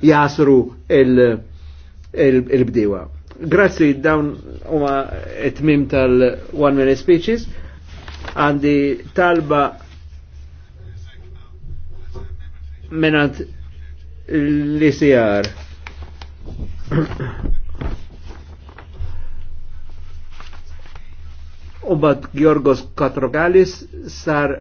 jasru il-bdewa. Grazzi dawn huma tmim tal-one minute speeches għandi talba menant l-ICR. Umbat Georgos Katrogalis sar